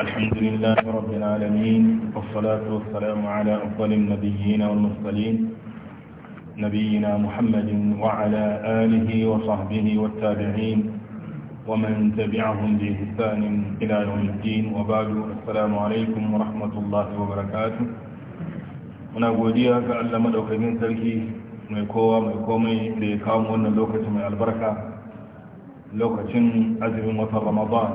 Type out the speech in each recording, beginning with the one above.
الحمد لله رب العالمين والصلاة والسلام على أفضل النبيين والمرسلين نبينا محمد وعلى آله وصحبه والتابعين ومن تبعهم بإحسان إلى يوم الدين وبعد السلام عليكم ورحمة الله وبركاته muna godiya ga Allah madaukakin sarki mai kowa mai komai da ya kawo wannan lokaci mai albarka lokacin azumin wata ramadan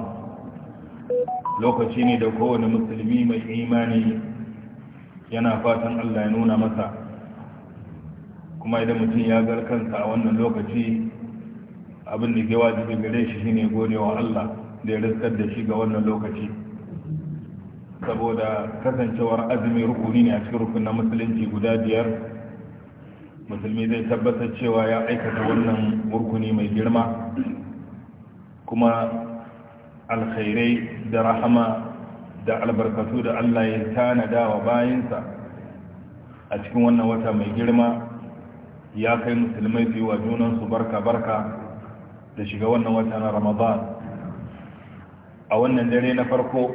lokaci ne da kowane musulmi mai imani yana fatan allah ya nuna masa kuma idan mutum ya gar kansa a wannan lokaci abin da ke wajibi gare shi shine gode wa allah da ya riskar da shi ga wannan lokaci saboda kasancewar azumi rukuni ne a cikin rukun na musulunci guda biyar musulmi zai tabbatar cewa ya aikata wannan murkuni mai girma kuma alkhairai da rahama da albarkatu da Allah ya tanada wa bayansa a cikin wannan wata mai girma ya kai musulmai su yi wa junansu barka-barka da shiga wannan wata na ramadan a wannan dare na farko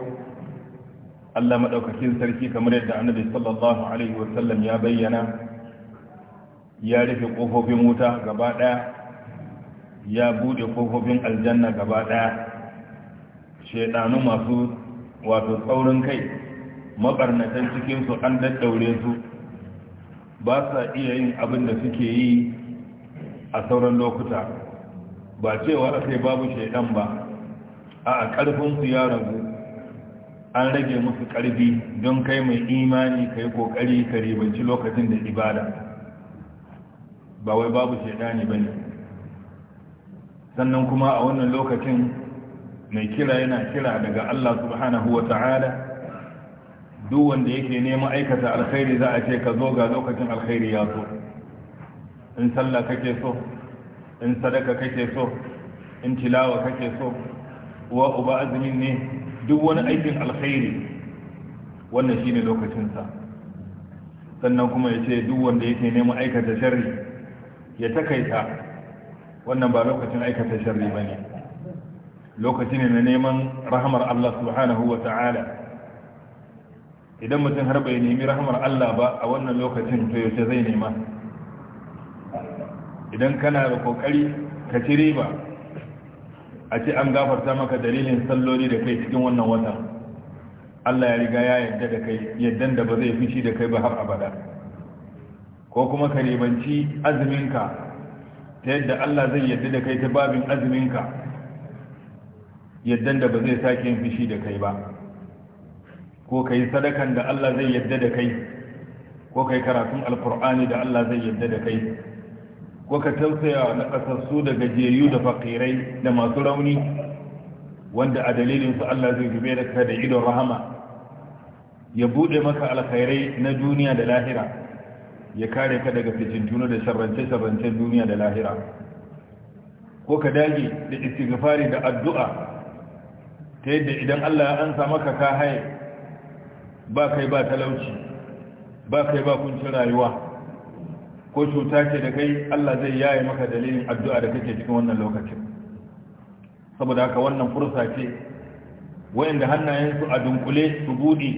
Allah maɗaukakin sarki kamar yadda annabi sallallahu alaihi wasallam ya bayyana ya rufe kofofin wuta gaba ɗaya, ya bude kofofin aljanna gaba ɗaya. shaidanu masu wato tsaurin kai maɓarnatan cikinsu an daddaure su ba sa iya yin abin da suke yi a sauran lokuta ba cewa sai babu shaidan ba a ƙarfinsu ya ragu an rage musu ƙarfi don kai mai imani ka yi ƙoƙari ka ribanci lokacin da ibada ba wai babu shaidani ba ne sannan kuma a wannan lokacin mai kira yana kira daga Allah subhanahu wa ta'ala duk wanda yake neman aikata alkhairi za a ce ka zo ga lokacin alkhairi ya so in sallah kake so in sadaka kake so in tilawa kake so wa uba azumin ne duk wani aikin alkhairi wannan shine lokacinsa sannan kuma ya ce duk wanda yake neman aikata sharri ya takaita wannan ba lokacin aikata sharri ba ne lokaci ne na neman rahamar Allah subhanahu wa ta'ala idan mutum har bai nemi rahamar Allah ba a wannan lokacin to yaushe zai nema idan kana da kokari ka ci riba a ce an gafarta maka dalilin salloli da kai cikin wannan watan Allah ya riga ya yadda da kai yaddan da ba zai fushi da kai ba har abada ko kuma ka ribanci azuminka ta yadda Allah zai yadda da kai ta babin azuminka yaddan da ba zai sake yin fishi da kai ba ko ka yi sadakan da Allah zai yadda da kai ko ka yi karatun alkur'ani da Allah zai yadda da kai ko ka tausaya na ƙasassu da gajiyayyu da fakirai da masu rauni wanda a dalilinsu Allah zai gube da ka da idon rahama ya buɗe maka alkhairai na duniya da lahira ya kare ka daga fitintunu da sharrance-sharrancen duniya da lahira ko ka dage da istighfari da addu'a ta yadda idan Allah ya ansa maka ka haye ba kai ba talauci ba kai ba kuncin rayuwa ko cuta ce da kai Allah zai yaye maka dalilin addu'a da kake cikin wannan lokacin saboda haka wannan fursa ce wayanda hannayensu a dunkule su buɗe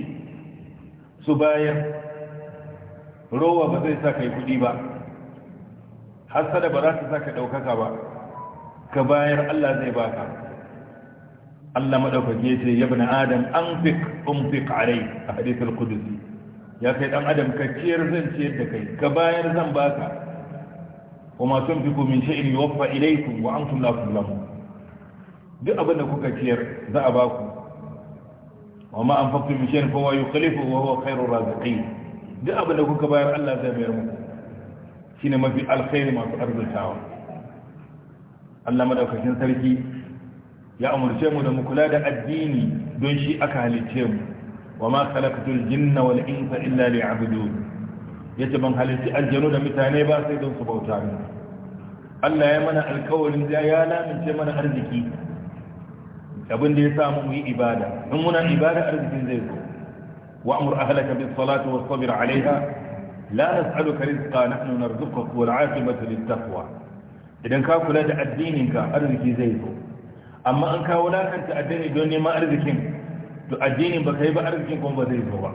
su bayar rowa ba zai sa ka yi kuɗi ba hasada ba za ta sa ka ɗaukaka ba ka bayar Allah zai baka Allah madaukake ce ya bani adam an fiq umfiq alai a hadisar qudusi ya kai dan adam ka ciyar zan ciyar da kai ka bayar zan baka Kuma sun fi kumin min shay'in yuwaffa ilaykum wa antum la tuzlamun duk abin da kuka ciyar za a baku wa ma anfaqtum min shay'in fa huwa yukhlifu wa huwa khairur raziqin duk abin da kuka bayar Allah zai bayar muku shine mafi alkhairi masu arzikawa Allah madaukakin sarki ya umarce mu da mu kula da addini don shi aka halice mu wa ma khalaqatul jinna wal insa illa liya'budun yace ban halitti aljanu da mutane ba sai don su bauta ni Allah ya mana alkawarin da ya lamince mana arziki abin da ya samu mu yi ibada in muna ibada arzikin zai zo وأمر أهلك بالصلاة والصبر عليها لا نسألك رزقا نحن نرزقك والعاقبة للتقوى إذا كان da دا أدينك أرزكي زيزو أما أن كاولا أنت أديني دوني ما أرزكين to addinin ba kai ba arzikin kuma ba zai zo ba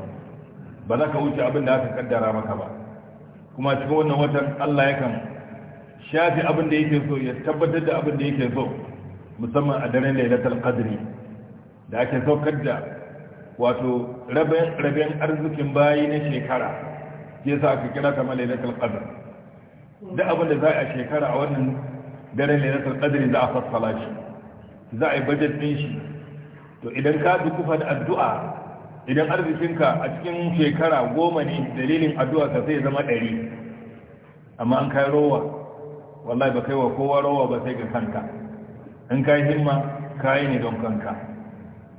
ba za ka wuce abin da aka kaddara maka ba kuma cikin wannan watan Allah yakan shafi abin da yake so ya tabbatar da abin da yake so musamman a daren lailatul qadri da ake saukar da wato rabin arzikin bayi na shekara ke sa aka kira kamar lailatul qadr da abin da za a shekara a wannan daren lailatul qadr za a fassala shi za a yi budget din shi to idan ka bi kufa da addu'a idan arzikinka a cikin shekara goma ne dalilin addu'a ka sai zama ɗari amma an kai rowa wallahi ba kai wa kowa rowa ba sai ga kanka in kai himma kai ne don kanka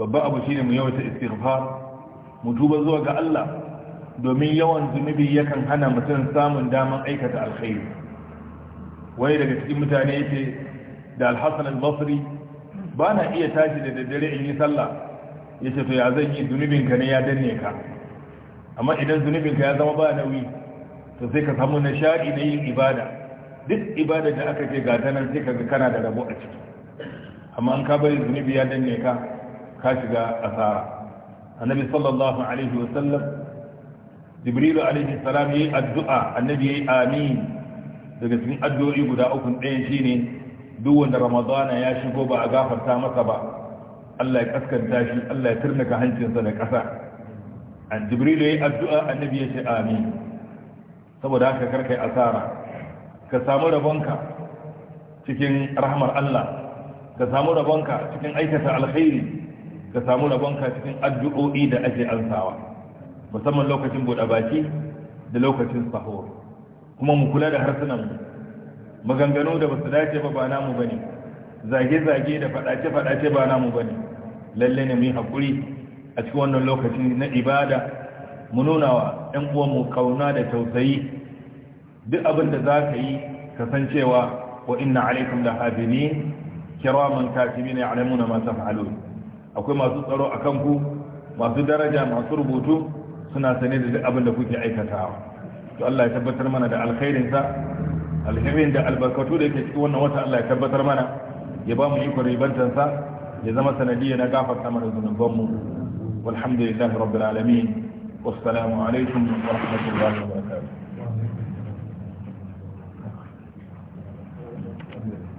babban abu shine mu yawaita istighfar mu tuba zuwa ga Allah domin yawan zunubi yakan hana mutum samun daman aikata alkhairi wani daga cikin mutane yace da al-Hasan al-Basri ba na iya tashi da daddare in yi sallah yace to ya zan yi zunubin ka ne ya danne ka amma idan zunubin ka ya zama ba nauyi to sai ka samu nishadi na yin ibada duk ibada da aka ce ga tanan sai kaga kana da rabo a ciki amma an ka bari zunubi ya danne ka ka shiga asara annabi sallallahu alaihi wa sallam jibrilu alaihi salam yayi addu'a annabi yayi amin daga cikin addu'o'i guda uku ɗaya shi ne duk wanda ramadana ya shigo ba a gafarta masa ba Allah ya kaskanta shi Allah ya turnaka hancinsa da ƙasa an jibrilu yi addu'a annabi ya ce amin saboda haka kar kai asara ka samu rabonka cikin rahmar Allah ka samu rabonka cikin aikata alkhairi ka samu rabonka cikin addu'o'i da ake ansawa musamman lokacin buɗa baki da lokacin sahur kuma mu kula da harsunan maganganu da basu dace ba ba namu bane zage-zage da faɗace-faɗace ba namu bane lalle ne mu yi haƙuri a cikin wannan lokaci na ibada mu nuna wa ‘yan uwanmu kauna da tausayi duk abin da za ka yi kasancewa wa inna alaikum da habini kiraman katibi ne alamuna masu fa'aloli akwai masu tsaro a kanku masu daraja masu rubutu suna sane da duk abin da kuke aikatawa to Allah ya tabbatar mana da alkhairin sa alherin da albarkatu da yake cikin wannan wata Allah ya tabbatar mana ya ba mu ikon ribantar sa ya zama sanadiyya na gafarta mana zunuban mu walhamdulillahi rabbil alamin wassalamu alaikum wa rahmatullahi wa barakatuh